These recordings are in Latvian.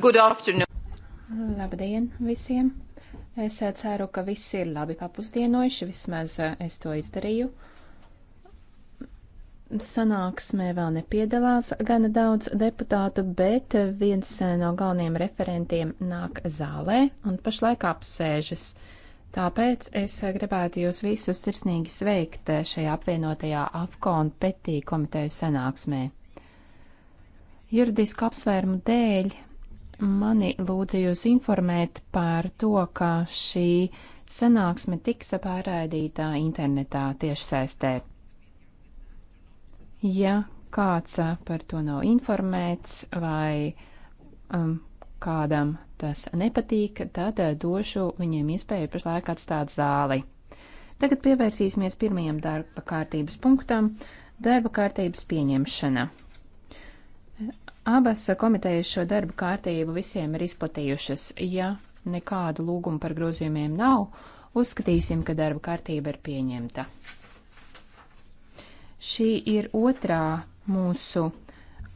Good afternoon. Labdien visiem! Es eh, ceru, ka visi ir labi papusdienojuši, vismaz eh, es to izdarīju. Sanāksmē vēl nepiedalās gana daudz deputātu, bet eh, viens no galvenajiem referentiem nāk zālē un pašlaik apsēžas. Tāpēc es gribētu jūs visus sirsnīgi sveikt šajā apvienotajā AFCO un PETī komiteju sanāksmē. Juridisku apsvērumu dēļ mani lūdza jūs informēt par to, ka šī sanāksme tiks pārraidītā internetā tiešsaistē. Ja kāds par to nav informēts vai um, kādam tas nepatīk, tad uh, došu viņiem iespēju pašlaik atstāt zāli. Tagad pievērsīsimies pirmajam darba kārtības punktam - darba kārtības pieņemšana. Abas komitejas šo darbu kārtību visiem ir izplatījušas. Ja nekādu lūgumu par grozījumiem nav, uzskatīsim, ka darba kārtība ir pieņemta. Šī ir otrā mūsu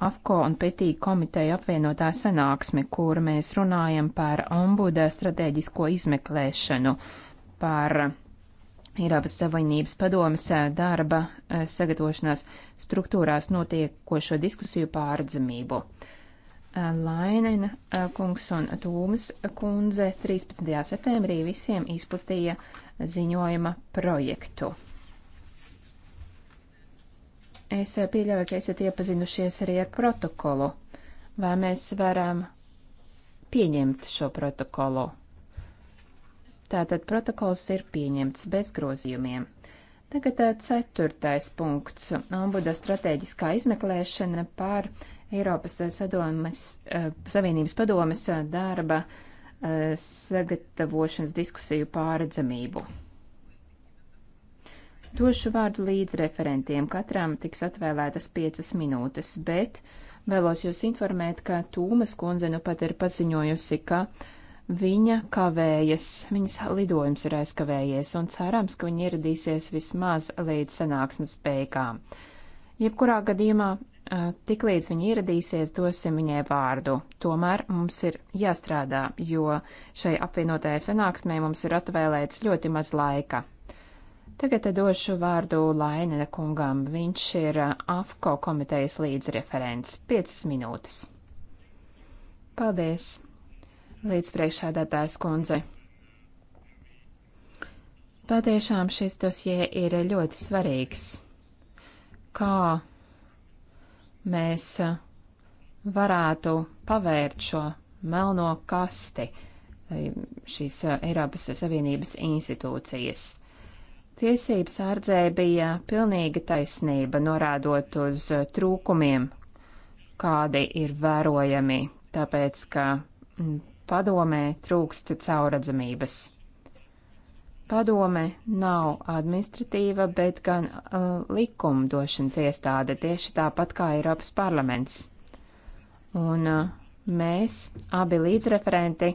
AFCO un PETī komiteja apvienotā sanāksme, kur mēs runājam par ombuda strateģisko izmeklēšanu, par Eiropas Savienības padomas darba sagatavošanās struktūrās notiekošo diskusiju pārdzamību. Lainena kungs un Tūmas kundze 13. septembrī visiem izplatīja ziņojuma projektu. Es pieļauju, ka esat iepazinušies arī ar protokolu. Vai mēs varam pieņemt šo protokolu? Tātad protokols ir pieņemts bez grozījumiem. Tagad ceturtais punkts - ombuda strateģiskā izmeklēšana par Eiropas sadomas, Savienības padomes darba sagatavošanas diskusiju pāredzamību. Došu vārdu līdz referentiem. Katram tiks atvēlētas piecas minūtes, bet vēlos jūs informēt, ka Tūmas kundze nu pat ir paziņojusi, ka uh, Viņa kavējas, viņas lidojums ir aizkavējies, un cerams, ka viņa ieradīsies vismaz līdz sanāksmes beigām. Jebkurā gadījumā, tiklīdz viņa ieradīsies, dosim viņai vārdu. Tomēr mums ir jāstrādā, jo šai apvienotajai sanāksmē mums ir atvēlēts ļoti maz laika. Tagad došu vārdu Lainina kungam. Viņš ir AFCO komitejas līdzreferents. 5 minūtes. Paldies! līdz priekšādātājs kundze. Patiešām šis dosie ir ļoti svarīgs. Kā mēs varētu pavērt šo melno kasti šīs Eiropas Savienības institūcijas? Tiesības ārdzē bija pilnīga taisnība, norādot uz trūkumiem, kādi ir vērojami, tāpēc ka padomē trūkst cauradzamības. Padome nav administratīva, bet gan uh, likumdošanas iestāde, tieši tāpat kā Eiropas parlaments. Un uh, mēs, abi līdzreferenti,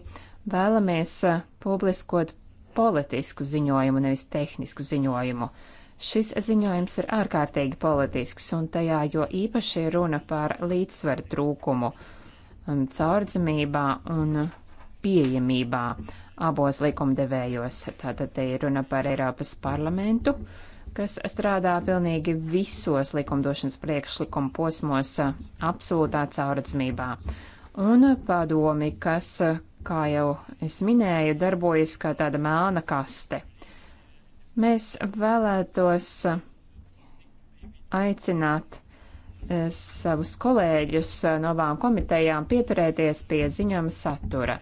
vēlamies uh, publiskot politisku ziņojumu, nevis tehnisku ziņojumu. Šis ziņojums ir ārkārtīgi politisks, un tajā jo īpaši runa par līdzsvaru trūkumu. Uh, um, caurdzamībā un pieejamībā abos likumdevējos. Tātad te ir runa par Eiropas parlamentu, kas strādā pilnīgi visos likumdošanas priekšlikuma posmos uh, absolūtā caurdzamībā. Un padomi, kas, uh, kā jau es minēju, darbojas kā tāda melna kaste. Mēs vēlētos uh, aicināt savus kolēģus eh, no abām komitejām pieturēties pie ziņojuma satura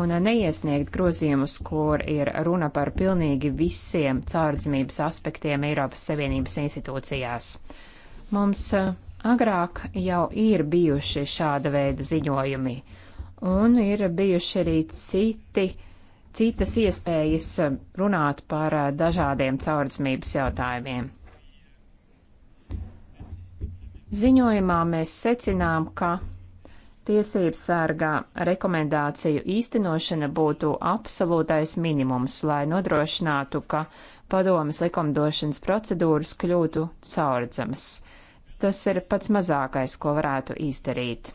un eh, neiesniegt grozījumus, kur ir runa par pilnīgi visiem caurdzimības aspektiem Eiropas Savienības institūcijās. Mums eh, agrāk jau ir bijuši šāda veida ziņojumi, un ir bijuši arī citi, citas iespējas runāt par dažādiem caurdzimības jautājumiem. Ziņojumā mēs secinām, ka tiesības sārgā rekomendāciju īstenošana būtu absolūtais minimums, lai nodrošinātu, ka padomas likumdošanas procedūras kļūtu caurdzamas. Tas ir pats mazākais, ko varētu izdarīt.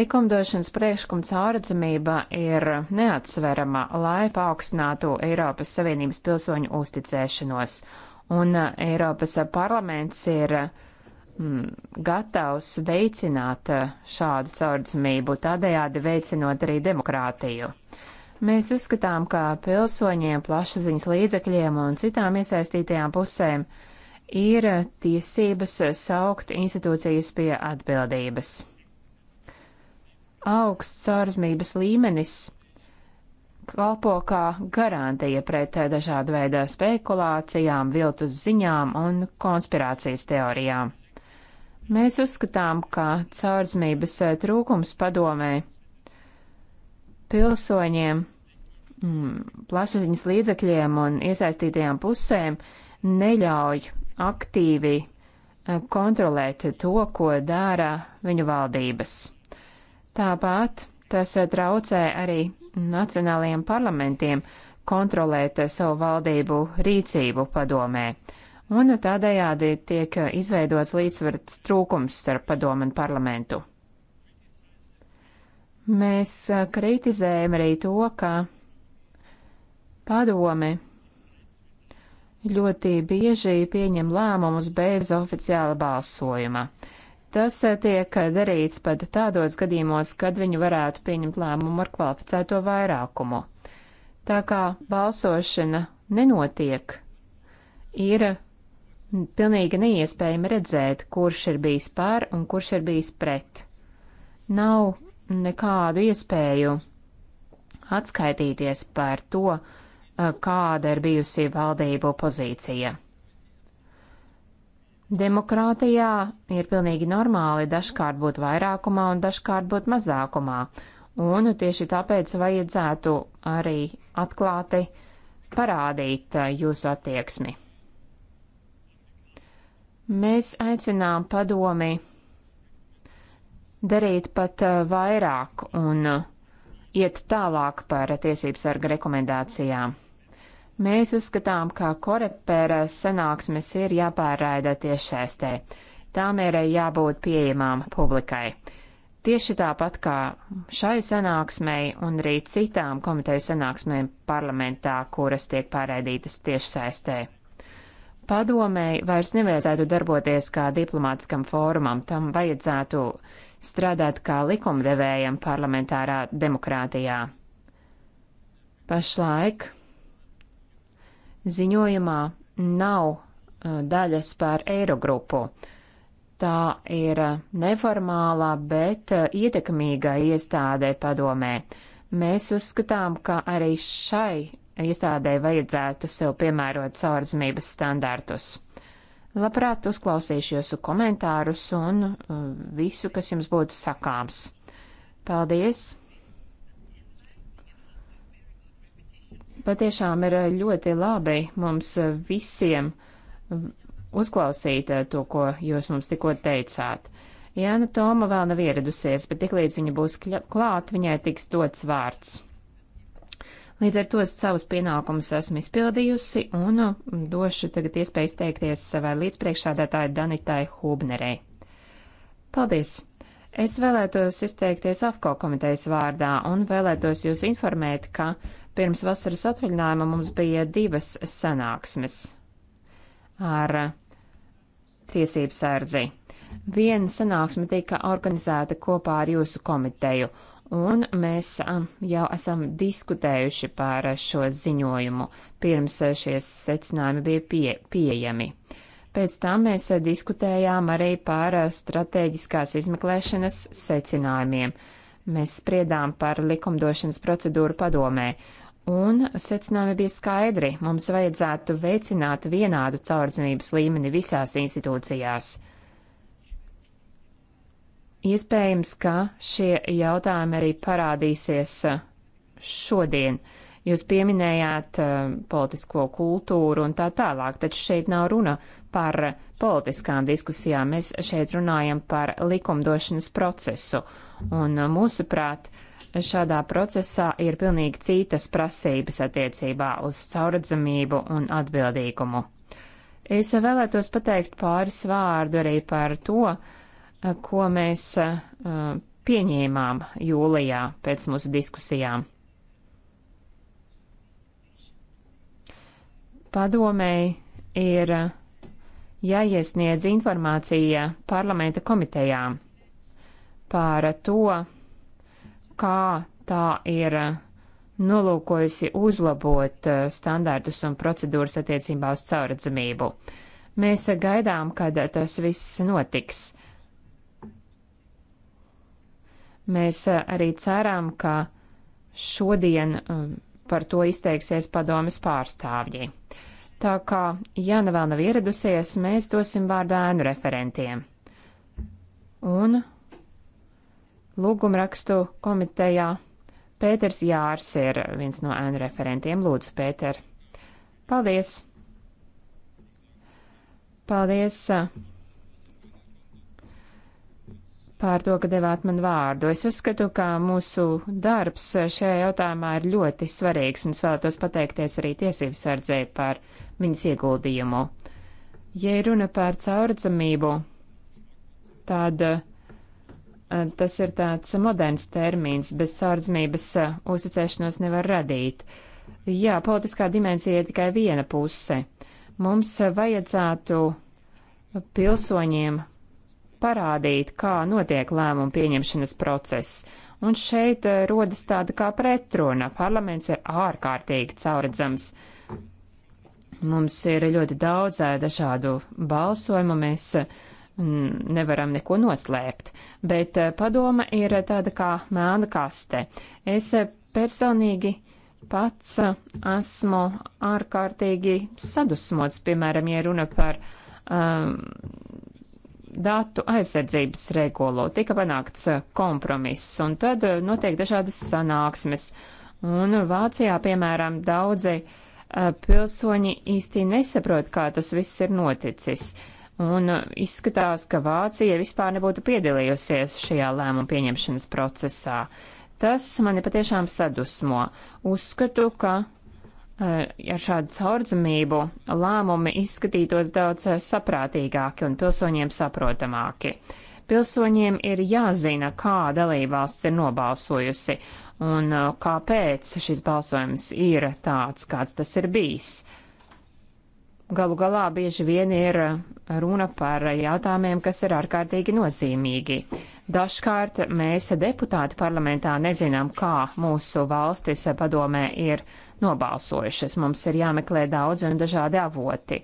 Likumdošanas priekšlikuma caurdzamība ir neatsverama, lai paaugstinātu Eiropas Savienības pilsoņu uzticēšanos, un Eiropas parlaments ir uh, Mm, gatavs veicināt eh, šādu caurdzamību, tādējādi veicinot arī demokrātiju. Mēs uzskatām, ka pilsoņiem, plašsaziņas līdzekļiem un citām iesaistītajām pusēm ir eh, tiesības saukt institūcijas pie atbildības. Augsts caurzmības līmenis kalpo kā garantija pret eh, dažādu veidu spekulācijām, viltus ziņām un konspirācijas teorijām. Mēs uzskatām, ka caurzmības eh, trūkums padomē pilsoņiem, mm, plašsaziņas līdzekļiem un iesaistītajām pusēm neļauj aktīvi eh, kontrolēt to, ko dara viņu valdības. Tāpat tas eh, traucē arī nacionālajiem parlamentiem kontrolēt savu valdību rīcību padomē un tādējādi tiek izveidots līdzsvarts trūkums starp padomu un parlamentu. Mēs kritizējam arī to, ka padome ļoti bieži pieņem lēmumus bez oficiāla balsojuma. Tas tiek darīts pat tādos gadījumos, kad viņi varētu pieņemt lēmumu ar kvalificēto vairākumu. Tā kā balsošana nenotiek, ir pilnīgi neiespējami redzēt, kurš ir bijis pār un kurš ir bijis pret. Nav nekādu iespēju atskaitīties par to, eh, kāda ir bijusi valdību pozīcija. Demokrātijā ir pilnīgi normāli dažkārt būt vairākumā un dažkārt būt mazākumā, un tieši tāpēc vajadzētu arī atklāti parādīt eh, jūsu attieksmi. Mēs aicinām padomi darīt pat uh, vairāk un uh, iet tālāk par tiesības sarga rekomendācijām. Mēs uzskatām, ka korepēra sanāksmes ir jāpārraida tiešsaistē. Tām ir jābūt pieejamām publikai. Tieši tāpat kā šai sanāksmei un arī citām komiteju sanāksmēm parlamentā, kuras tiek pārraidītas tiešsaistē. Padomēji vairs nevajadzētu darboties kā diplomātiskam fórumam, tam vajadzētu strādāt kā likumdevējam parlamentārā demokrātijā. Pašlaik ziņojumā nav uh, daļas par Eirogrupu. Tā ir neformālā, bet uh, ietekmīga iestāde padomē. Mēs uzskatām, ka arī šai iestādē vajadzētu sev piemērot saurzmības standartus. Labprāt uzklausīšu jūsu komentārus un uh, visu, kas jums būtu sakāms. Paldies! Patiešām ir uh, ļoti labi mums uh, visiem uzklausīt to, ko jūs mums tikko teicāt. Jāna Toma vēl nav ieradusies, bet tiklīdz viņa būs klāt, viņai tiks dots vārds. Līdz ar to es savus pienākumus esmu izpildījusi un mm, došu tagad iespēju izteikties savai līdzpriekšādātāji Danitai Hubnerei. Paldies! Es vēlētos izteikties AFCO komitejas vārdā un vēlētos jūs informēt, ka pirms vasaras atvaļinājuma mums bija divas sanāksmes ar tiesību sērdzi. Viena sanāksme tika organizēta kopā ar jūsu komiteju, Un mēs um, jau esam diskutējuši par šo ziņojumu, pirms uh, šie secinājumi bija pie, pieejami. Pēc tam mēs uh, diskutējām arī par uh, strateģiskās izmeklēšanas secinājumiem. Mēs spriedām par likumdošanas procedūru padomē, un secinājumi bija skaidri. Mums vajadzētu veicināt vienādu caurdzamības līmeni visās institūcijās. Iespējams, ka šie jautājumi arī parādīsies uh, šodien. Jūs pieminējāt uh, politisko kultūru un tā tālāk, taču šeit nav runa par politiskām diskusijām. Mēs šeit runājam par likumdošanas procesu. Un uh, mūsuprāt, šādā procesā ir pilnīgi citas prasības attiecībā uz cauradzamību un atbildīgumu. Es vēlētos pateikt pāris vārdu arī par to, uh, ko mēs pieņēmām jūlijā pēc mūsu diskusijām. Padomēji ir jāiesniedz informācija parlamenta komitejām par to, kā tā ir nolūkojusi uzlabot standārtus un procedūras attiecībā uz caurredzamību. Mēs gaidām, kad tas viss notiks. Mēs eh, arī ceram, ka šodien eh, par to izteiksies padomas pārstāvji. Tā kā Jana vēl nav ieradusies, mēs dosim vārdu ēnu referentiem. Un lūgumrakstu komitejā Pēters Jārs ir viens no ēnu referentiem. Lūdzu, Pēter. Paldies! Paldies eh, par to, ka devāt man vārdu. Es uzskatu, ka mūsu darbs šajā jautājumā ir ļoti svarīgs un es vēlētos pateikties arī tiesību sardzē par viņas ieguldījumu. Ja runa par caurdzamību, tad eh, tas ir tāds moderns termins, bez caurdzamības eh, uzticēšanos nevar radīt. Jā, politiskā dimensija ir tikai viena puse. Mums vajadzētu pilsoņiem parādīt, kā notiek lēmumu pieņemšanas process. Un šeit eh, rodas tāda kā pretruna. Parlaments ir ārkārtīgi cauradzams. Mums ir ļoti daudz eh, dažādu balsojumu, mēs eh, nevaram neko noslēpt, bet padoma ir tāda kā mēna kaste. Es personīgi pats esmu ārkārtīgi sadusmots, piemēram, ja runa par um, datu aizsardzības regulu. Tika panākts eh, kompromiss, un tad eh, notiek dažādas sanāksmes. Un Vācijā, piemēram, daudzi eh, pilsoņi īsti nesaprot, kā tas viss ir noticis. Un izskatās, ka Vācija vispār nebūtu piedalījusies šajā lēmumu pieņemšanas procesā. Tas mani patiešām sadusmo. Uzskatu, ka ar šādu caurdzamību lēmumi izskatītos daudz saprātīgāki un pilsoņiem saprotamāki. Pilsoņiem ir jāzina, kā dalībvalsts ir nobalsojusi un uh, kāpēc šis balsojums ir tāds, kāds tas ir bijis galu galā bieži vien ir eh, runa par jautājumiem, kas ir ārkārtīgi nozīmīgi. Dažkārt mēs, deputāti parlamentā, nezinām, kā mūsu valstis padomē ir nobalsojušas. Mums ir jāmeklē daudz un dažādi avoti.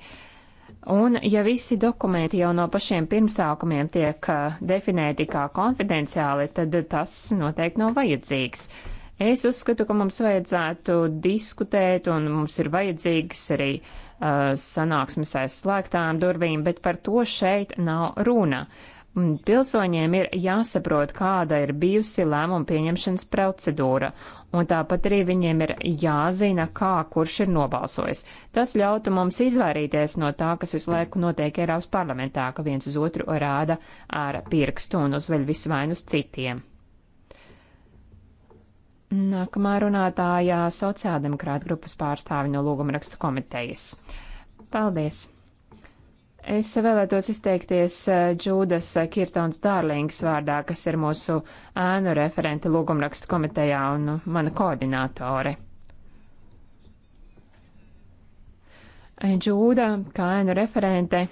Un ja visi dokumenti jau no pašiem pirmsākumiem tiek eh, definēti kā konfidenciāli, tad tas noteikti nav vajadzīgs. Es uzskatu, ka mums vajadzētu diskutēt un mums ir vajadzīgs arī uh, Eh, sanāksmes aizslēgtām durvīm, bet par to šeit nav runa. Pilsoņiem ir jāsaprot, kāda ir bijusi lēmuma pieņemšanas procedūra, un tāpat arī viņiem ir jāzina, kā kurš ir nobalsojis. Tas ļautu mums izvairīties no tā, kas visu laiku notiek Eiropas parlamentā, ka viens uz otru rāda ar pirkstu un uzveļ visu vainu uz citiem. Nākamā runātājā sociāldemokrāta grupas pārstāvi no lūgumrakstu komitejas. Paldies! Es vēlētos izteikties eh, Džūdas Kirtons Dārlings vārdā, kas ir mūsu ēnu referente lūgumrakstu komitejā un mana koordinātore. Džūda, kā ēnu referente,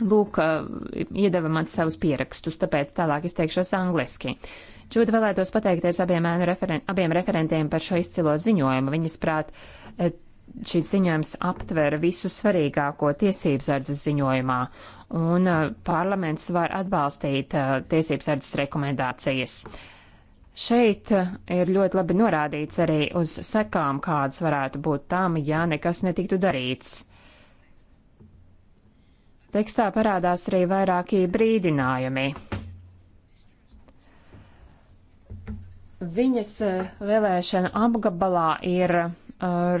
lūk, eh, iedeva man savus pierakstus, tāpēc tālāk izteikšos angliski. Uh, Čūda vēlētos pateikties abiem, referen abiem referentiem par šo izcilo ziņojumu. Viņas prāt, e, šis ziņojums aptver visu svarīgāko tiesības ardzes ziņojumā, un e, parlaments var atbalstīt e, tiesības ardzes rekomendācijas. Šeit ir ļoti labi norādīts arī uz sekām, kādas varētu būt tam, ja nekas netiktu darīts. Tekstā parādās arī vairākie brīdinājumi. Viņas eh, vēlēšana apgabalā ir uh,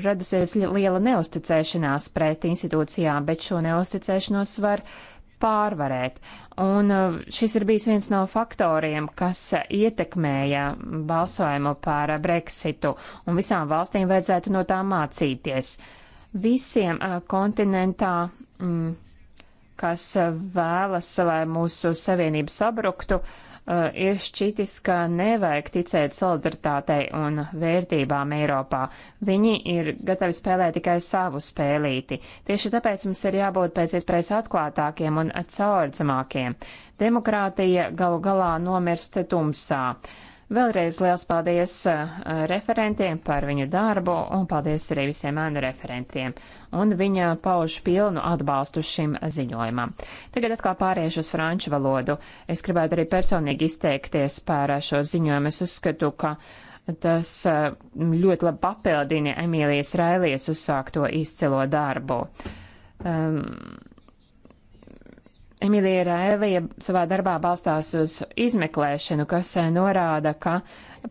radusies liela neusticēšanās pret institūcijām, bet šo neusticēšanos var pārvarēt. Un uh, šis ir bijis viens no faktoriem, kas ietekmēja balsojumu par Brexitu, un visām valstīm vajadzētu no tā mācīties. Visiem uh, kontinentā. Mm, kas vēlas, lai mūsu savienība sabruktu, uh, Eh, ir šķitis, ka nevajag ticēt solidaritātei un vērtībām Eiropā. Viņi ir gatavi spēlēt tikai savu spēlīti. Tieši tāpēc mums ir jābūt pēc iespējas atklātākiem un caurdzamākiem. Demokrātija galu galā nomirst tumsā. Uh, Vēlreiz liels paldies uh, referentiem par viņu darbu un paldies arī visiem ēnu referentiem. Un viņa pauž pilnu atbalstu šim ziņojumam. Tagad atkal pāriešu uz franču valodu. Es gribētu arī personīgi izteikties par šo ziņojumu. Es uzskatu, ka tas uh, ļoti labi papildina Emīlijas Railijas uzsākto izcilo darbu. Um, Emilija Rēlija savā darbā balstās uz izmeklēšanu, kas eh, norāda, ka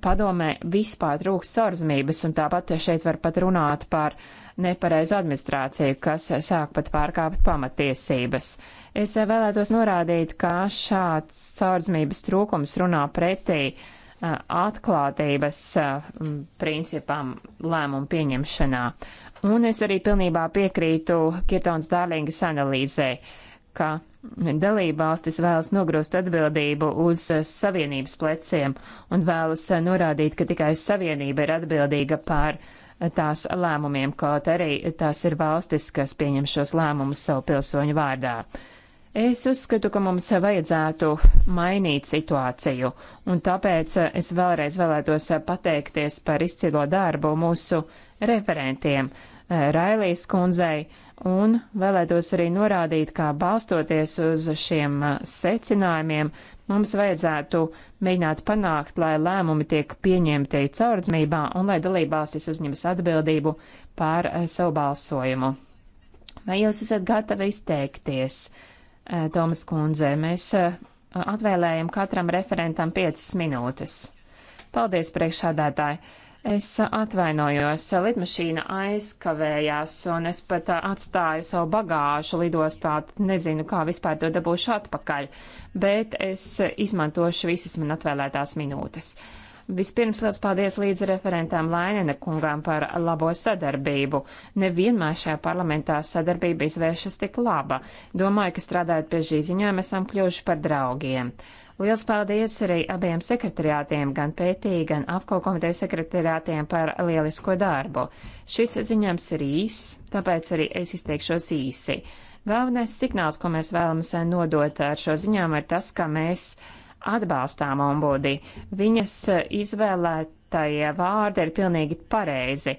padomē vispār trūks saurzmības, un tāpat šeit var pat runāt par nepareizu administrāciju, kas eh, sāk pat pārkāpt pamatiesības. Es eh, vēlētos norādīt, ka šāds saurzmības trūkums runā pretī atklātības principam lēmumu pieņemšanā. Un es arī pilnībā piekrītu Kirtons Dārlingas analīzē, ka dalībvalstis vēlas nogrūst atbildību uz Savienības pleciem un vēlas norādīt, ka tikai Savienība ir atbildīga pār tās lēmumiem, kaut arī tās ir valstis, kas pieņem šos lēmumus savu pilsoņu vārdā. Es uzskatu, ka mums vajadzētu mainīt situāciju, un tāpēc es vēlreiz vēlētos pateikties par izcilo darbu mūsu referentiem. Railijas kundzei, un vēlētos arī norādīt, kā balstoties uz šiem uh, secinājumiem, mums vajadzētu mēģināt panākt, lai lēmumi tiek pieņemti caurdzmībā un lai dalībvalstis uzņemas atbildību pār uh, savu balsojumu. Vai jūs esat gatavi izteikties, uh, Tomas kundze? Mēs atvēlējam katram referentam 5 minūtes. Paldies, priekšādātāji! Es atvainojos, lidmašīna aizkavējās un es pat atstāju savu bagāžu lidostā, nezinu, kā vispār to dabūšu atpakaļ, bet es izmantošu visas man atvēlētās minūtes. Vispirms liels paldies līdz referentām Lainene kungām par labo sadarbību. Nevienmēr šajā parlamentā sadarbība izvēršas tik laba. Domāju, ka strādājot pie šī ziņojuma esam kļuvuši par draugiem. Liels paldies arī abiem sekretariātiem, gan pētī, gan apko komiteju sekretariātiem par lielisko darbu. Šis ziņojums ir īs, tāpēc arī es izteikšos īsi. Galvenais signāls, ko mēs vēlamies nodot ar šo ziņojumu, ir tas, ka mēs atbalstām ombudi. Viņas izvēlētie vārdi ir pilnīgi pareizi.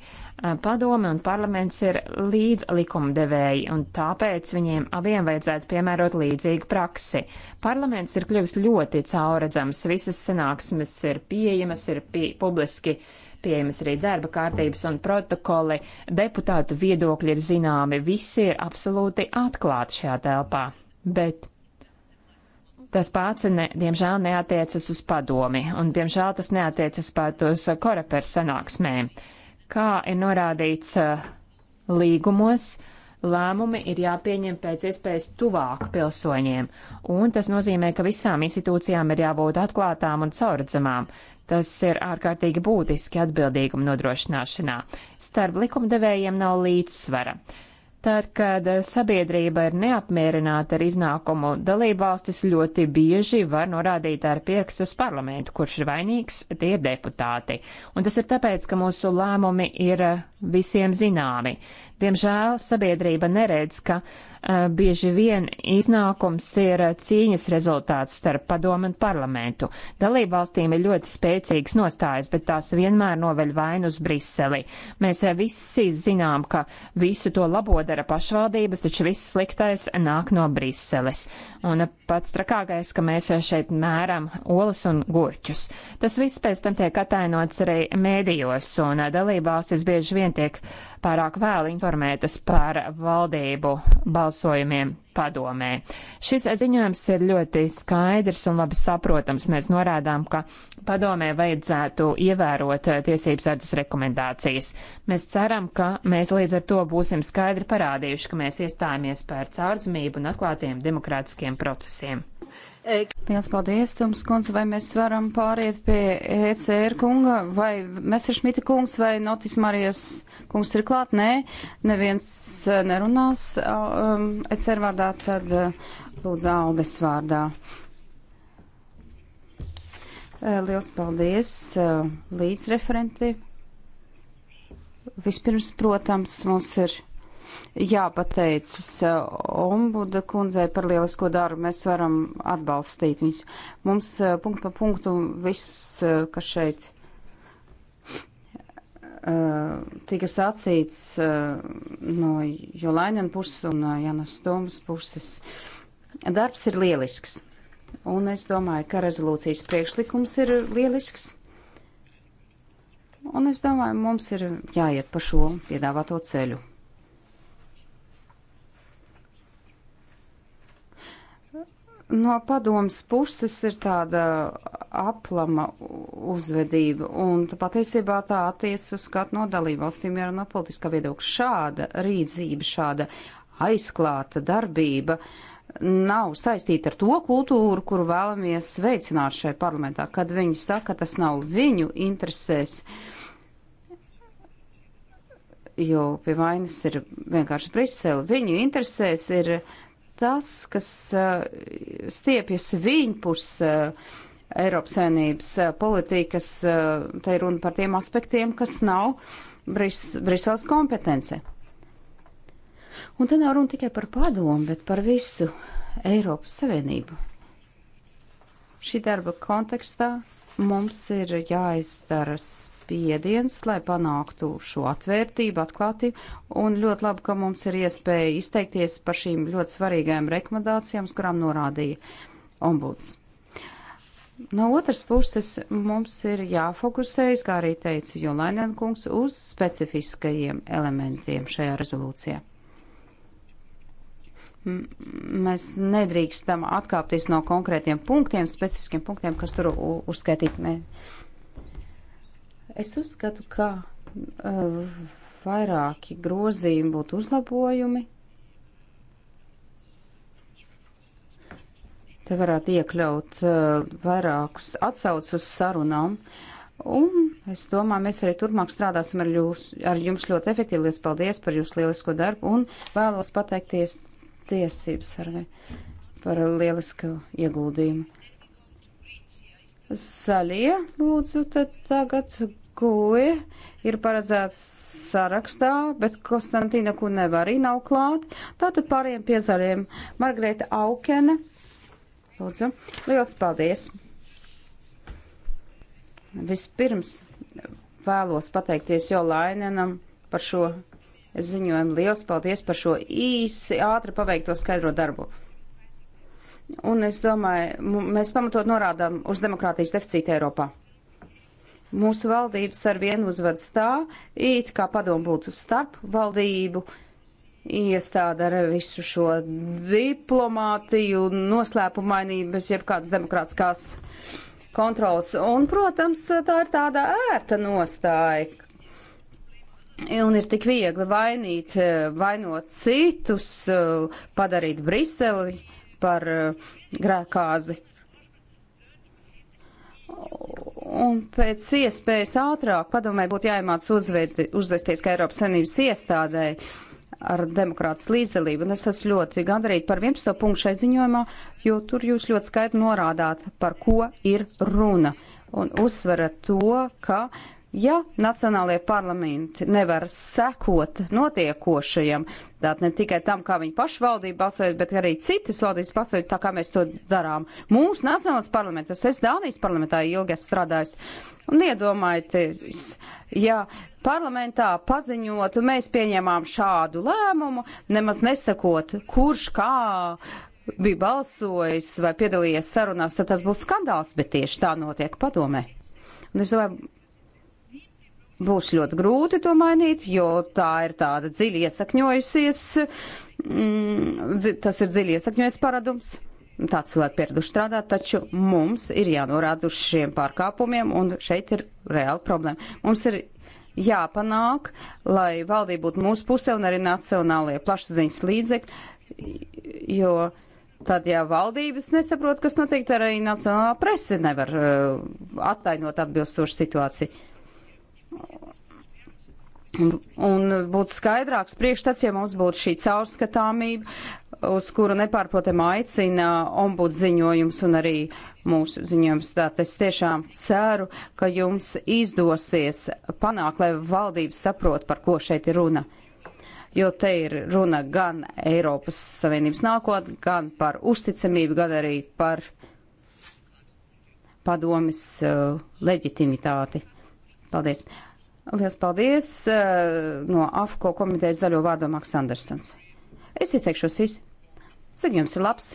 Eh, padome un parlaments ir līdz likumdevēji, un tāpēc viņiem abiem vajadzētu piemērot līdzīgu praksi. Parlaments ir kļuvis ļoti cauredzams, visas sanāksmes ir pieejamas, ir pie, publiski pieejamas arī darba kārtības un protokoli, deputātu viedokļi ir zināmi, visi ir absolūti atklāti šajā telpā. Bet tas pats, ne, diemžēl, neatiecas uz padomi, un, diemžēl, tas neatiecas pat uz koreper sanāksmēm. Uh, Kā ir norādīts eh, līgumos, lēmumi ir jāpieņem pēc iespējas tuvāk pilsoņiem, un tas nozīmē, ka visām institūcijām ir jābūt atklātām un caurdzamām. Tas ir ārkārtīgi būtiski atbildīguma nodrošināšanā. Starp likumdevējiem nav līdzsvara. Uh, Tad, kad sabiedrība ir neapmierināta ar iznākumu, dalībvalstis ļoti bieži var norādīt ar pirkstu uz parlamentu, kurš ir vainīgs, tie ir deputāti. Un tas ir tāpēc, ka mūsu lēmumi ir visiem zināmi. Diemžēl sabiedrība neredz, ka uh, bieži vien iznākums ir cīņas rezultāts starp padomu un parlamentu. Dalību valstīm ir ļoti spēcīgas nostājas, bet tās vienmēr noveļ vainu uz Briseli. Mēs uh, visi zinām, ka visu to labo dara pašvaldības, taču viss sliktais nāk no Briseles. Un uh, pats trakākais, ka mēs eh, šeit mēram olas un gurķus. Tas viss pēc tam tiek atainots arī mēdījos, un dalību valstis bieži vien netiek pārāk vēl informētas par valdību balsojumiem padomē. Šis ziņojums ir ļoti skaidrs un labi saprotams. Mēs norādām, ka padomē vajadzētu ievērot tiesības sardzes rekomendācijas. Mēs ceram, ka mēs līdz ar to būsim skaidri parādījuši, ka mēs iestājāmies par caurdzmību un atklātiem demokrātiskiem procesiem. Liels paldies, Tums kundze, vai mēs varam pāriet pie ECR kunga, vai Messeršmita kungs, vai Notis Marijas kungs ir klāt? Nē, neviens eh, nerunās um, ECR vārdā, tad eh, lūdzu Aldes vārdā. Eh, liels paldies līdzreferenti. Vispirms, protams, mums ir jāpateicas eh, ombuda kundzei par lielisko darbu. Mēs varam atbalstīt viņus. Mums eh, punktu pa punktu viss, eh, kas šeit tika sacīts no Jolainen puses un Janas Tomas puses. Darbs ir lielisks. Un es domāju, ka rezolūcijas priekšlikums ir lielisks. Un es domāju, mums ir jāiet pa šo piedāvāto ceļu. no padomas puses ir tāda aplama uzvedība, un patiesībā tā attiec uz katru no dalībvalstīm, ja no politiskā viedokļa šāda rīdzība, šāda aizklāta darbība nav saistīta ar to kultūru, kuru vēlamies veicināt šai parlamentā, kad viņi saka, tas nav viņu interesēs. Jo pie vainas ir vienkārši Brisele. Viņu interesēs ir uh, tas, kas eh, stiepjas viņpus eh, Eiropas saimnības eh, politikas, tai runa par tiem aspektiem, kas nav Bris Briseles kompetence. Un te nav runa tikai par padomu, bet par visu Eiropas Savienību. Šī darba kontekstā Mums ir jāizdara spiediens, lai panāktu šo atvērtību, atklātību, un ļoti labi, ka mums ir iespēja izteikties par šīm ļoti svarīgajām rekomendācijām, uz kurām norādīja ombuds. No otras puses, mums ir jāfokusējas, kā arī teica Jolainen kungs, uz specifiskajiem elementiem šajā rezolūcijā mēs nedrīkstam atkāpties no konkrētiem punktiem, specifiskiem punktiem, kas tur uzskaitīti. Es uzskatu, ka uh, vairāki grozījumi būtu uzlabojumi. Te varētu iekļaut uh, vairākus atsaucus uz sarunām. Un es domāju, mēs arī turpmāk strādāsim ar, jūs, ar jums ļoti efektīvi. Lielas paldies par jūsu lielisko darbu un vēlos pateikties tiesības sargai par lielisku ieguldījumu. Zaļie, lūdzu, tad tagad guļ ir paredzēts sarakstā, bet Konstantīna Kuneva arī nav klāt. Tātad pāriem pie zaļiem. Margareta Aukene. Lūdzu, liels paldies! Vispirms vēlos pateikties Jo Lainenam par šo ziņojumu. Liels paldies par šo īsi, ātri paveikto skaidro darbu. Un es domāju, mēs pamatot norādām uz demokrātijas deficītu Eiropā. Mūsu valdības ar vienu uzvedas tā, it kā padomu būtu starp valdību iestāda ar visu šo diplomātiju, noslēpumainību, bez jebkādas demokrātiskās kontrolas. Un, protams, tā ir tāda ērta nostāja, Un ir tik viegli vainīt, eh, vainot citus, eh, padarīt Briseli par eh, grēkāzi. Un pēc iespējas ātrāk padomē būtu jāiemāc uzved, uzvesties kā Eiropas Savienības iestādēji ar demokrātas līdzdalību. Un es esmu ļoti gandarīta par 11. punktu šai ziņojumā, jo tur jūs ļoti skaidri norādāt, par ko ir runa. Un uzsverat to, ka uh, Ja nacionālajie parlamenti nevar sekot notiekošajam, tātad ne tikai tam, kā viņi pašvaldība balsoja, bet arī citas valdības balsoja, tā kā mēs to darām. Mūsu nacionālais parlamentos, es Dānijas parlamentā ilgi esmu strādājis, un iedomājieties, ja parlamentā paziņotu, mēs pieņēmām šādu lēmumu, nemaz nesakot, kurš kā bija balsojis vai piedalījies sarunās, tad tas būtu skandāls, bet tieši tā notiek padomē. Un es domāju, Būs ļoti grūti to mainīt, jo tā ir tāda dziļi iesakņojusies, mm, zi, tas ir dziļi iesakņojies paradums. Tā cilvēki pieraduši strādāt, taču mums ir jānorāda uz šiem pārkāpumiem, un šeit ir reāla problēma. Mums ir jāpanāk, lai valdība būtu mūsu pusē un arī nacionālajie plašsaziņas līdzekļi, jo tad, ja valdības nesaprot, kas notiek, tad arī nacionālā prese nevar uh, attainot atbilstošu situāciju. Un būtu skaidrāks priekšstats, ja mums būtu šī caurskatāmība, uz kuru nepārprotam aicina ombuds ziņojums un arī mūsu ziņojums. Tātad es tiešām ceru, ka jums izdosies panākt, lai valdība saprot, par ko šeit ir runa. Jo te ir runa gan Eiropas Savienības nākotnē, gan par uzticamību, gan arī par padomis uh, leģitimitāti. Paldies! Lielas paldies uh, no AFCO komitejas zaļo vārdu Maks Andersons. Es izteikšos īsi. Ziņojums ir labs.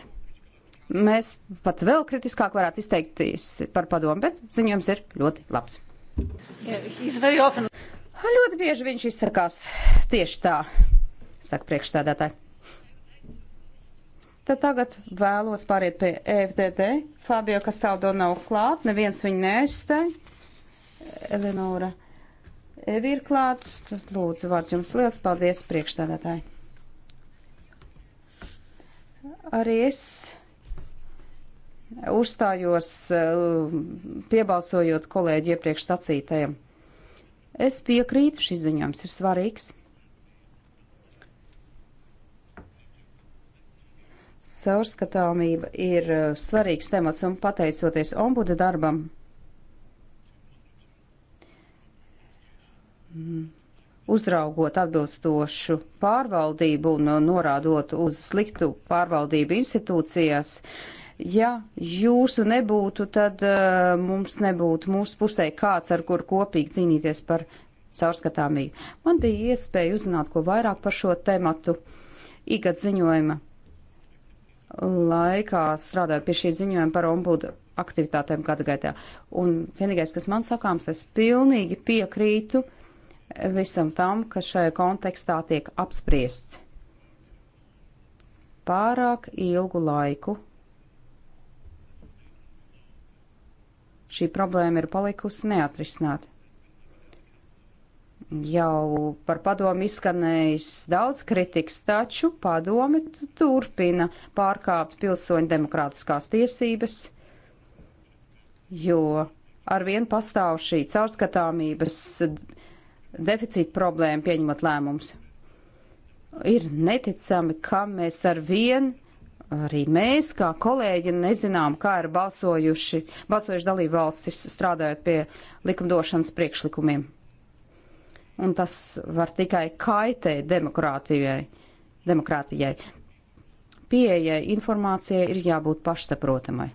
Mēs pat vēl kritiskāk varētu izteikties par padomu, bet ziņojums ir ļoti labs. Yeah, often... Ļoti bieži viņš izsakās tieši tā, saka priekšstādātāji. Tad tagad vēlos pāriet pie EFTT. Fabio Kastaldo nav klāt, neviens viņu neaizstāja. Eleonora Evi ir klāt. Lūdzu, vārds jums liels paldies, priekšsēdētāji. Arī es uzstājos eh, piebalsojot kolēģi iepriekš sacītajam. Es piekrītu, šis ziņojums ir svarīgs. Saurskatāmība ir eh, svarīgs temats un pateicoties ombuda darbam uzraugot atbilstošu pārvaldību un norādot uz sliktu pārvaldību institūcijās. Ja jūsu nebūtu, tad uh, mums nebūtu mūsu pusē kāds, ar kur kopīgi cīnīties par caurskatāmību. Man bija iespēja uzzināt, ko vairāk par šo tematu ikgad ziņojuma laikā strādāju pie šī ziņojuma par ombudu aktivitātēm gada gaitā. Un vienīgais, kas man sakāms, es pilnīgi piekrītu uh, visam tam, kas šajā kontekstā tiek apspriests. Pārāk ilgu laiku šī problēma ir palikusi neatrisināta. Jau par padomu izskanējis daudz kritikas, taču padome turpina pārkāpt pilsoņu demokrātiskās tiesības, jo arvien pastāv šī caurskatāmības deficīta problēmu, pieņemot lēmumus. Ir neticami, ka mēs ar vienu, arī mēs, kā kolēģi, nezinām, kā ir balsojuši, balsojuši dalību valstis strādājot pie likumdošanas priekšlikumiem. Un tas var tikai kaitēt demokrātijai. demokrātijai. Pieejai informācijai ir jābūt pašsaprotamai.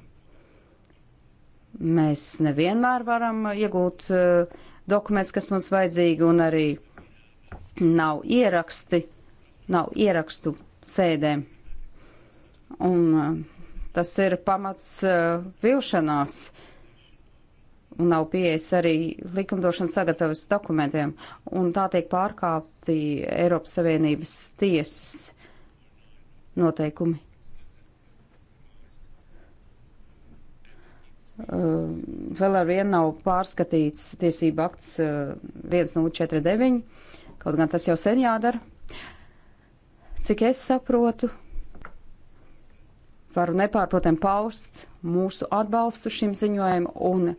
Mēs nevienmēr varam iegūt uh, dokuments, kas mums vajadzīgi, un arī nav ieraksti, nav ierakstu sēdēm. Un eh, tas ir pamats uh, vilšanās. Un nav pieejas arī likumdošanas sagatavas dokumentiem, un tā tiek pārkāpti Eiropas Savienības tiesas noteikumi. Eh, vēl ar vienu nav pārskatīts tiesība akts 1049, eh, kaut gan tas jau sen jādara. Cik es saprotu, varu nepārprotam paust mūsu atbalstu šim ziņojumam, un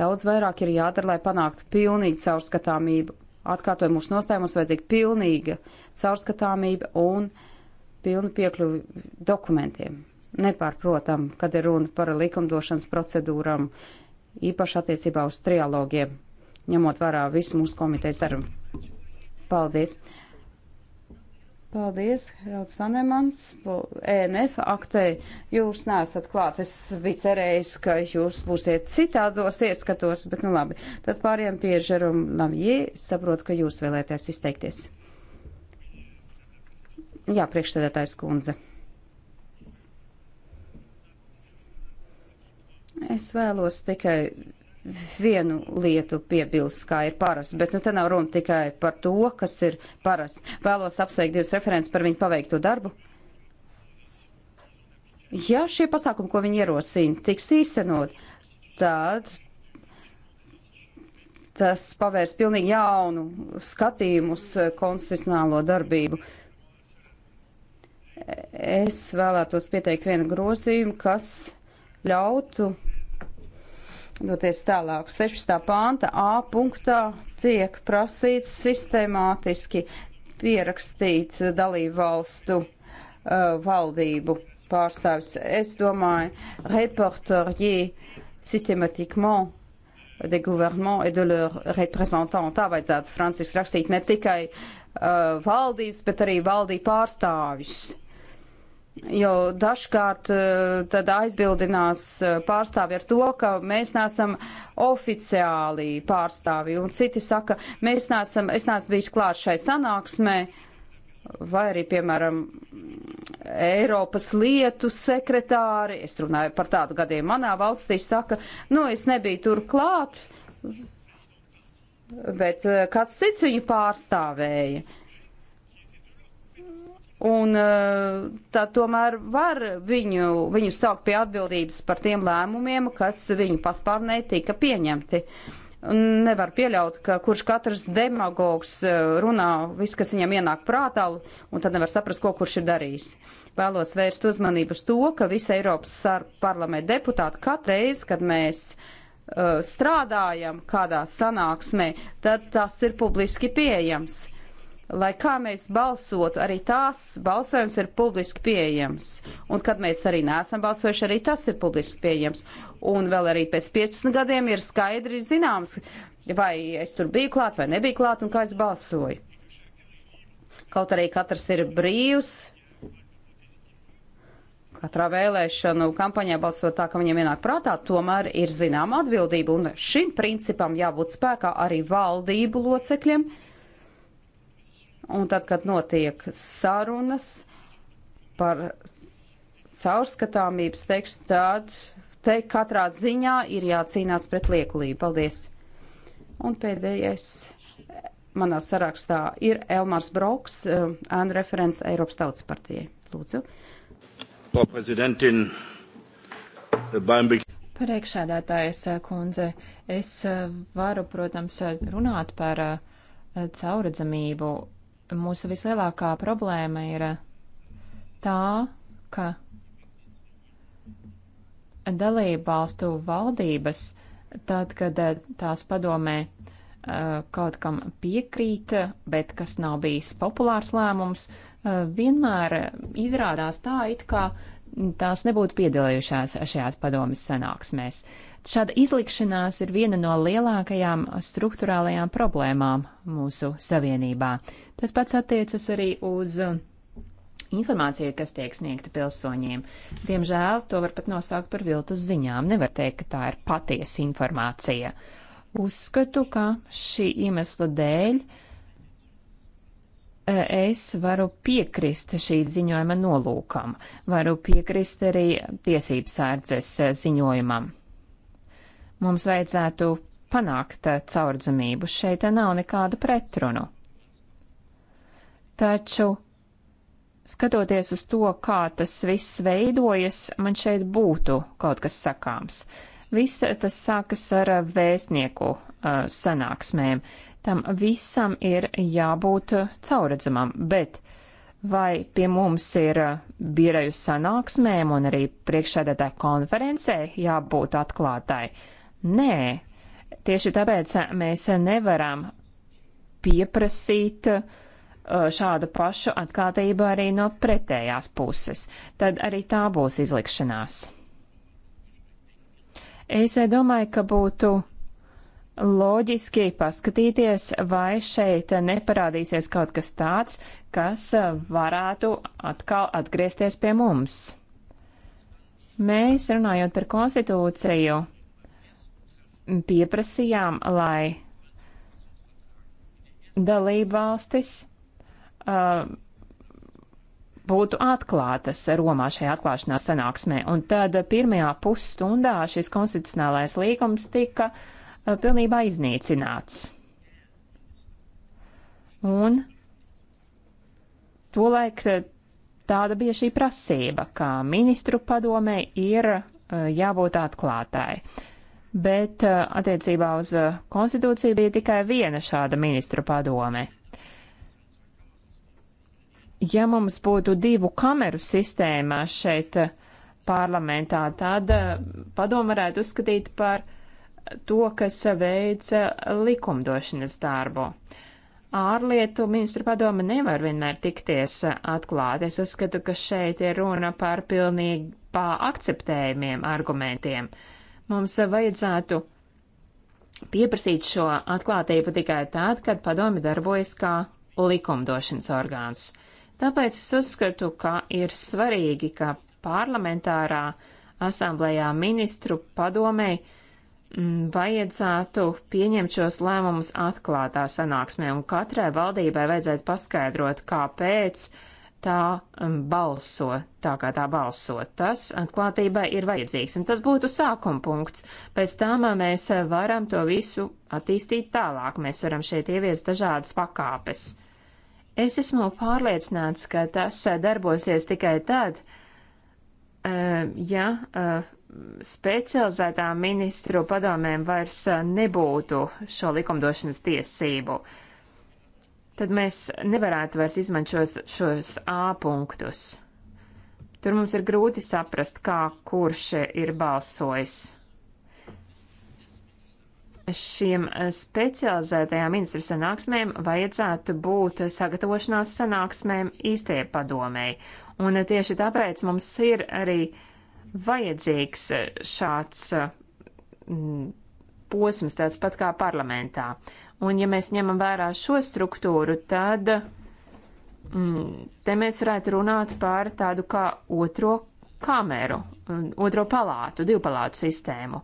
daudz vairāk ir jādara, lai panāktu pilnīgu caurskatāmību. Atkārtoju mūsu nostāju, mums vajadzīga pilnīga caurskatāmība un pilna piekļuvi dokumentiem nepārprotam, kad ir runa par likumdošanas procedūram, īpaši attiecībā uz trialogiem, ņemot vērā visu mūsu komitejas darbu. Paldies! Paldies, Helds Vanemans, ENF aktē. Jūs neesat klāt, es biju cerējis, ka jūs būsiet citādos ieskatos, bet nu labi. Tad pāriem pie Žerum Lamjē, saprotu, ka jūs vēlēties izteikties. Jā, priekšsēdētājs kundze. Es vēlos tikai vienu lietu piebilst, kā ir parasti, bet nu, te nav runa tikai par to, kas ir parasti. Vēlos apsveikt divas referents par viņu paveikto darbu. Ja šie pasākumi, ko viņi ierosina, tiks īstenot, tad tas pavērs pilnīgi jaunu skatījumu uz konstitucionālo darbību. Es vēlētos pieteikt vienu grozījumu, kas ļautu doties tālāk. 16. pānta A punktā tiek prasīts sistemātiski pierakstīt dalību valstu uh, valdību pārstāvis. Es domāju, reporterji sistematiquement des gouvernements et de leur représentants. Tā vajadzētu Francis rakstīt ne tikai uh, valdības, bet arī valdību pārstāvis jo dažkārt eh, tad aizbildinās eh, pārstāvi ar to, ka mēs neesam oficiāli pārstāvi, un citi saka, mēs neesam, es neesmu bijis klāt šai sanāksmē, vai arī, piemēram, Eiropas lietu sekretāri, es runāju par tādu gadiem manā valstī, saka, nu, es nebiju tur klāt, bet eh, kāds cits viņu pārstāvēja. Un eh, tā tomēr var viņu, viņu saukt pie atbildības par tiem lēmumiem, kas viņu paspārnē tika pieņemti. Nevar pieļaut, ka kurš katrs demagogs eh, runā viss, kas viņam ienāk prātā, un tad nevar saprast, ko kurš ir darījis. Vēlos vērst uzmanību uz to, ka visa Eiropas parlamenta deputāta katreiz, kad mēs uh, strādājam kādā sanāksmē, tad tas ir publiski pieejams lai kā mēs balsotu, arī tās balsojums ir publiski pieejams. Un kad mēs arī neesam balsojuši, arī tas ir publiski pieejams. Un vēl arī pēc 15 gadiem ir skaidri zināms, vai es tur biju klāt vai nebiju klāt un kā es balsoju. Kaut arī katrs ir brīvs. Katrā vēlēšanu kampaņā balsot tā, ka viņiem ienāk prātā, tomēr ir zināma atbildība, un šim principam jābūt spēkā arī valdību locekļiem, uh, Un tad, kad notiek sarunas par caurskatāmības tekstu, tad te katrā ziņā ir jācīnās pret liekulību. Paldies! Un pēdējais manā sarakstā ir Elmars Broks, eh, ēnu uh, referents Eiropas Tautas partijai. Lūdzu. Äh, Priekšādātājas äh, kundze, es äh, varu, protams, runāt par cauradzamību mūsu vislielākā problēma ir tā, ka dalību valstu valdības, tad, kad eh, tās padomē eh, kaut kam piekrīt, bet kas nav bijis populārs lēmums, eh, vienmēr izrādās tā, it kā tās nebūtu piedalījušās šajās padomas sanāksmēs. Uh, Šāda izlikšanās ir viena no lielākajām struktūrālajām problēmām mūsu savienībā. Tas pats attiecas arī uz uh, informāciju, kas tiek sniegta pilsoņiem. Diemžēl to var pat nosaukt par viltus ziņām. Nevar teikt, ka tā ir patiesa informācija. Uzskatu, ka šī iemesla dēļ uh, es varu piekrist šī ziņojuma nolūkam, varu piekrist arī tiesības sārdzes uh, ziņojumam. Mums vajadzētu panākt eh, caurdzamību. Šeit nav nekādu pretrunu. Taču, skatoties uz to, kā tas viss veidojas, man šeit būtu kaut kas sakāms. Viss eh, tas sākas ar eh, vēstnieku uh, sanāksmēm. Tam visam ir jābūt caurredzamam, bet vai pie mums ir biroju sanāksmēm un arī priekšsēdētāja konferencē jābūt atklātai? Uh, Nē, tieši tāpēc mēs nevaram pieprasīt uh, šādu pašu atklātību arī no pretējās puses. Tad arī tā būs izlikšanās. Es domāju, ka būtu loģiski paskatīties, vai šeit neparādīsies kaut kas tāds, kas varētu atkal atgriezties pie mums. Mēs runājot par konstitūciju, pieprasījām, lai dalībvalstis uh, būtu atklātas Romā šajā atklāšanās sanāksmē. Un tad pirmajā pusstundā šis konstitucionālais līgums tika uh, pilnībā iznīcināts. Un tolaik uh, tāda bija šī prasība, ka ministru padomē ir uh, jābūt atklātāji. Uh, bet eh, attiecībā uz eh, konstitūciju bija tikai viena šāda ministru padome. Ja mums būtu divu kameru sistēmā šeit eh, parlamentā, tad padomu varētu uzskatīt par to, kas veica likumdošanas darbu. Ārlietu ministra padome nevar vienmēr tikties atklāti. Es uzskatu, ka šeit ir runa par pilnīgi pa akceptējumiem argumentiem. Uh, Mums vajadzētu pieprasīt šo atklātību tikai tad, kad padomi darbojas kā likumdošanas orgāns. Tāpēc es uzskatu, ka ir svarīgi, ka parlamentārā asamblējā ministru padomei mm, vajadzētu pieņemt šos lēmumus atklātā sanāksmē, un katrai valdībai vajadzētu paskaidrot, kāpēc uh, tā um, balso tā, kā tā balso. Tas atklātībai ir vajadzīgs, un tas būtu sākuma punkts. Pēc tam uh, mēs uh, varam to visu attīstīt tālāk, mēs varam šeit ieviest dažādas pakāpes. Es esmu pārliecināts, ka tas uh, darbosies tikai tad, ja specializētām ministru padomēm vairs nebūtu šo likumdošanas tiesību. Uh, tad mēs nevarētu vairs izmantot šos, šos A punktus. Tur mums ir grūti saprast, kā kurš ir balsojis. Šiem e, specializētajām ministru sanāksmēm vajadzētu būt sagatavošanās sanāksmēm īstajai padomēji, un tieši tāpēc mums ir arī vajadzīgs šāds mm, posms, tāds pat kā parlamentā. Un ja mēs ņemam vērā šo struktūru, tad mm, te mēs varētu runāt par tādu kā otro kameru, otro palātu, divpalātu sistēmu.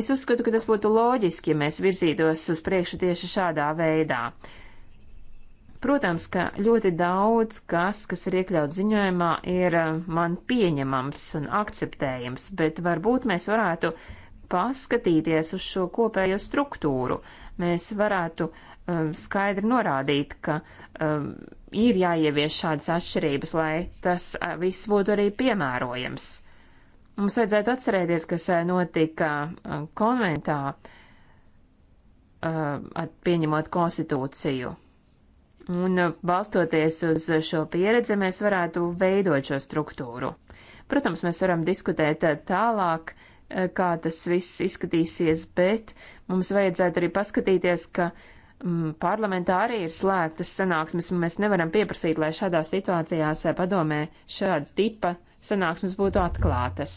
Es uzskatu, ka tas būtu loģiski, ja mēs virzītos uz priekšu tieši šādā veidā. Protams, ka ļoti daudz kas, kas ir iekļauts ziņojumā, ir eh, man pieņemams un akceptējams, bet varbūt mēs varētu paskatīties uz šo kopējo struktūru, mēs varētu um, skaidri norādīt, ka um, ir jāievieš šādas atšķirības, lai tas uh, viss būtu arī piemērojams. Mums vajadzētu atcerēties, kas uh, notika uh, konventā, uh, pieņemot konstitūciju. Un uh, balstoties uz šo pieredzi, mēs varētu veidot šo struktūru. Protams, mēs varam diskutēt uh, tālāk, uh, Eh, kā tas viss izskatīsies, bet mums vajadzētu arī paskatīties, ka mm, parlamentā arī ir slēgtas sanāksmes, un mēs nevaram pieprasīt, lai šādā situācijās eh, padomē šāda tipa sanāksmes būtu atklātas.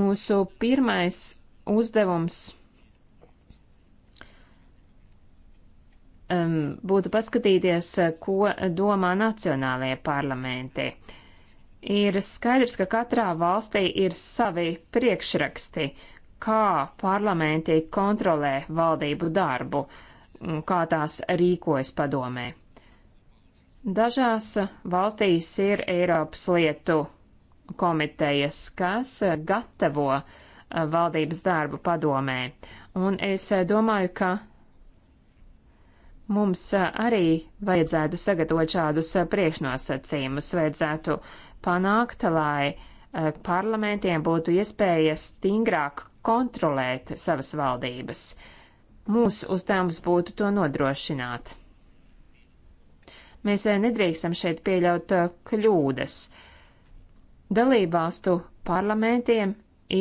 Mūsu pirmais uzdevums um, būtu paskatīties, eh, ko domā nacionālajie parlamenti. Uh, ir skaidrs, ka katrā valstī ir savi priekšraksti, kā parlamenti kontrolē valdību darbu, kā tās rīkojas padomē. Dažās valstīs ir Eiropas lietu komitejas, kas gatavo valdības darbu padomē, un es domāju, ka Mums arī vajadzētu sagatavot šādus priekšnosacījumus, vajadzētu panākt, lai eh, parlamentiem būtu iespēja stingrāk kontrolēt savas valdības. Mūsu uzdevums būtu to nodrošināt. Mēs eh, nedrīkstam šeit pieļaut eh, kļūdas. Dalībvalstu parlamentiem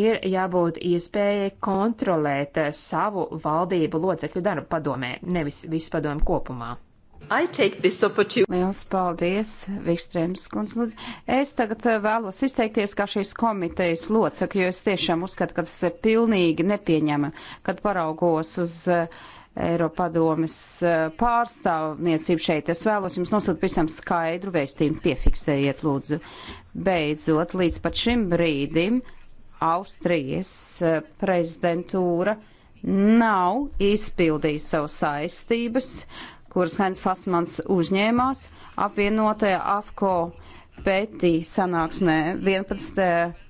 ir jābūt iespējai kontrolēt savu valdību locekļu darbu padomē, nevis visu padomu kopumā. Liels paldies, Vikstrēms kundz. Lūdzu. Es tagad eh, vēlos izteikties kā šīs komitejas locekļi, jo es tiešām uzskatu, ka tas ir pilnīgi nepieņema, kad paraugos uz eh, Eiropadomes eh, pārstāvniecību šeit. Es vēlos jums nosūt pavisam skaidru vēstījumu, piefiksējiet lūdzu. Beidzot, līdz pat šim brīdim Austrijas prezidentūra nav izpildījusi savu saistības. Uh, kuras Heinz Fasmans uzņēmās apvienotajā AFCO pētī sanāksmē 11.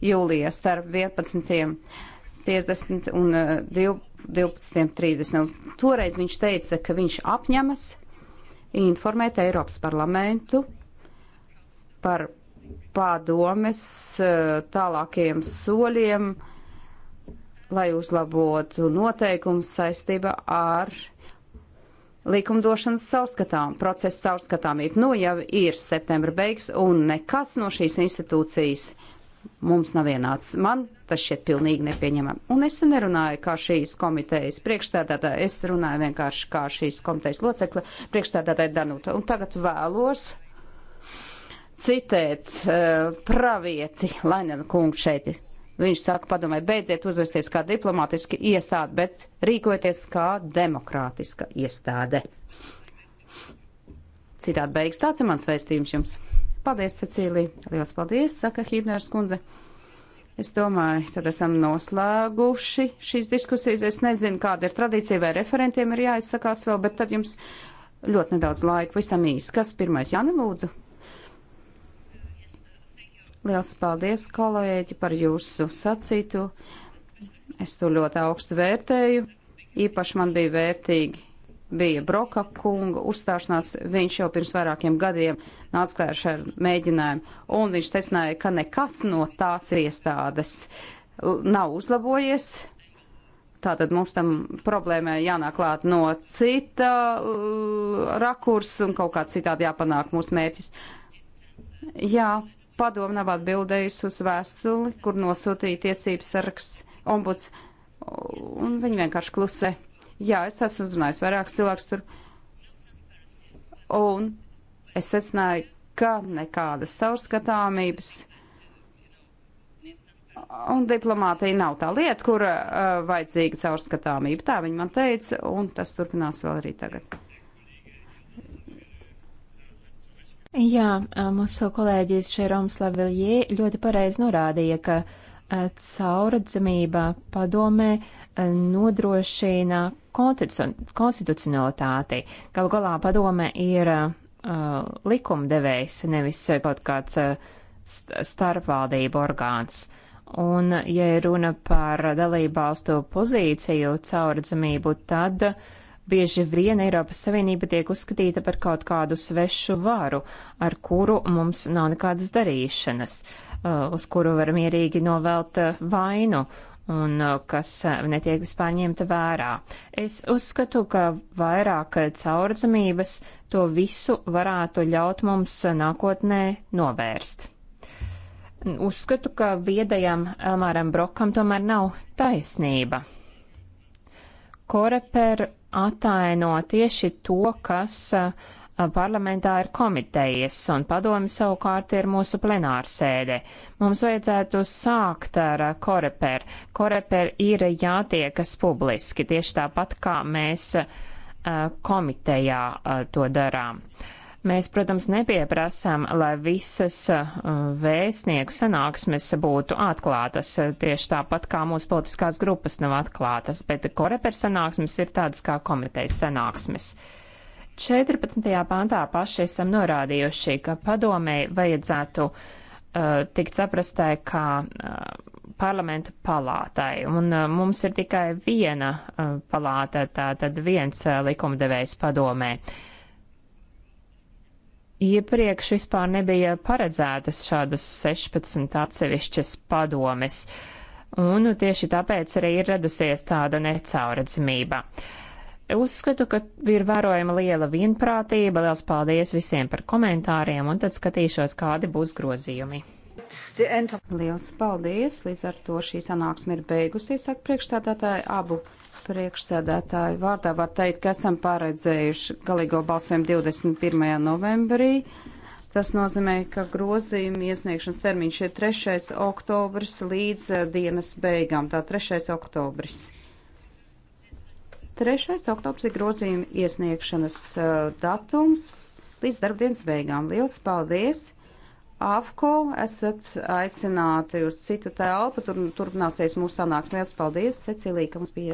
jūlijā starp 11.50 un 12.30. Eh, toreiz viņš teica, ka viņš apņemas informēt Eiropas parlamentu par padomes eh, tālākajiem soļiem, lai uzlabotu noteikumus saistībā ar likumdošanas caurskatām, procesa caurskatāmību. Nu, jau ir septembra beigas, un nekas no šīs institūcijas mums nav vienāds. Man tas šķiet pilnīgi nepieņemami. Un es te nerunāju kā šīs komitejas priekšstādātāja, es runāju vienkārši kā šīs komitejas locekle, priekšstādātāja Danuta. Un tagad vēlos citēt uh, pravieti Lainena kungu šeit Viņš saka padomē, beidziet uzvesties kā diplomātiski iestāde, bet rīkojieties kā demokrātiska iestāde. Citādi beigas tāds ir mans vēstījums jums. Paldies, Cecīlija. Lielas paldies, saka Hībnērs kundze. Es domāju, tad esam noslēguši šīs diskusijas. Es nezinu, kāda ir tradīcija, vai referentiem ir jāizsakās vēl, bet tad jums ļoti nedaudz laika, visam īsi. Kas pirmais, Jāni Lūdzu? Liels paldies, kolēģi, par jūsu sacīto. Es to ļoti augstu vērtēju. Īpaši man bija vērtīgi bija Broka kunga uzstāšanās. Viņš jau pirms vairākiem gadiem nāca klērš ar mēģinājumu, un viņš tecināja, ka nekas no tās iestādes nav uzlabojies. Tātad mums tam problēmai jānāk klāt no cita rakurs un kaut kā citādi jāpanāk mūsu mērķis. Jā, Padoma nav atbildējusi uz vēstuli, kur nosūtīja tiesības sargs ombuds, un viņi vienkārši klusē. Jā, es esmu uzrunājis vairākus cilvēkus tur, un es secināju, ka nekādas savskatāmības. Un diplomātija nav tā lieta, kura uh, vajadzīga caurskatāmība. Tā viņa man teica, un tas turpinās vēl arī tagad. Jā, mūsu kolēģis Šeroms Laviljē ļoti pareizi norādīja, ka cauradzamība padomē nodrošina konstitucionalitāti. Galu galā padomē ir uh, likumdevējs, nevis kaut kāds uh, starpvaldību orgāns. Un, ja runa par dalībvalstu pozīciju cauradzamību, tad uh, Bieži vien Eiropas Savienība tiek uzskatīta par kaut kādu svešu varu, ar kuru mums nav nekādas darīšanas, uh, uz kuru var mierīgi novelt uh, vainu un uh, kas netiek vispār ņemta vērā. Es uzskatu, ka vairāk caurdzamības to visu varētu ļaut mums nākotnē novērst. Uzskatu, ka viedajam Elmāram Brokam tomēr nav taisnība. Koreper ataino tieši to, kas parlamentā ir komitejas, un padomi savukārt ir mūsu plenārsēde. Mums vajadzētu sākt ar koreper. Koreper ir jātiekas publiski, tieši tāpat kā mēs komitejā to darām. Mēs, protams, nepieprasām, lai visas uh, vēstnieku sanāksmes būtu atklātas, uh, tieši tāpat kā mūsu politiskās grupas nav atklātas, bet koreper sanāksmes ir tādas kā komitejas sanāksmes. 14. pāntā paši esam norādījuši, ka padomēji vajadzētu uh, tikt saprastai kā uh, parlamenta palātai, un uh, mums ir tikai viena uh, palāta, tātad viens uh, likumdevējs padomē. Uh, Iepriekš vispār nebija paredzētas šādas 16 atsevišķas padomes, un nu, tieši tāpēc arī ir radusies tāda necauredzamība. Uzskatu, ka ir vērojama liela vienprātība. Liels paldies visiem par komentāriem, un tad skatīšos, kādi būs grozījumi. Liels paldies! Līdz ar to šī sanāksme ir beigusies, saka priekšstādātāja abu Priekšsēdētāju vārdā var teikt, ka esam paredzējuši galīgo balsojumu 21. novembrī. Tas nozīmē, ka grozījuma iesniegšanas termiņš ir 3. oktobris līdz eh, dienas beigām. Tā 3. oktobris. 3. oktobris ir grozījuma iesniegšanas uh, datums līdz darbdienas beigām. Lielas paldies! AFCO esat aicināti uz citu telpu, tur turpināsies mūsu sanāks. Lielas paldies, Cecilija, ka mums bija.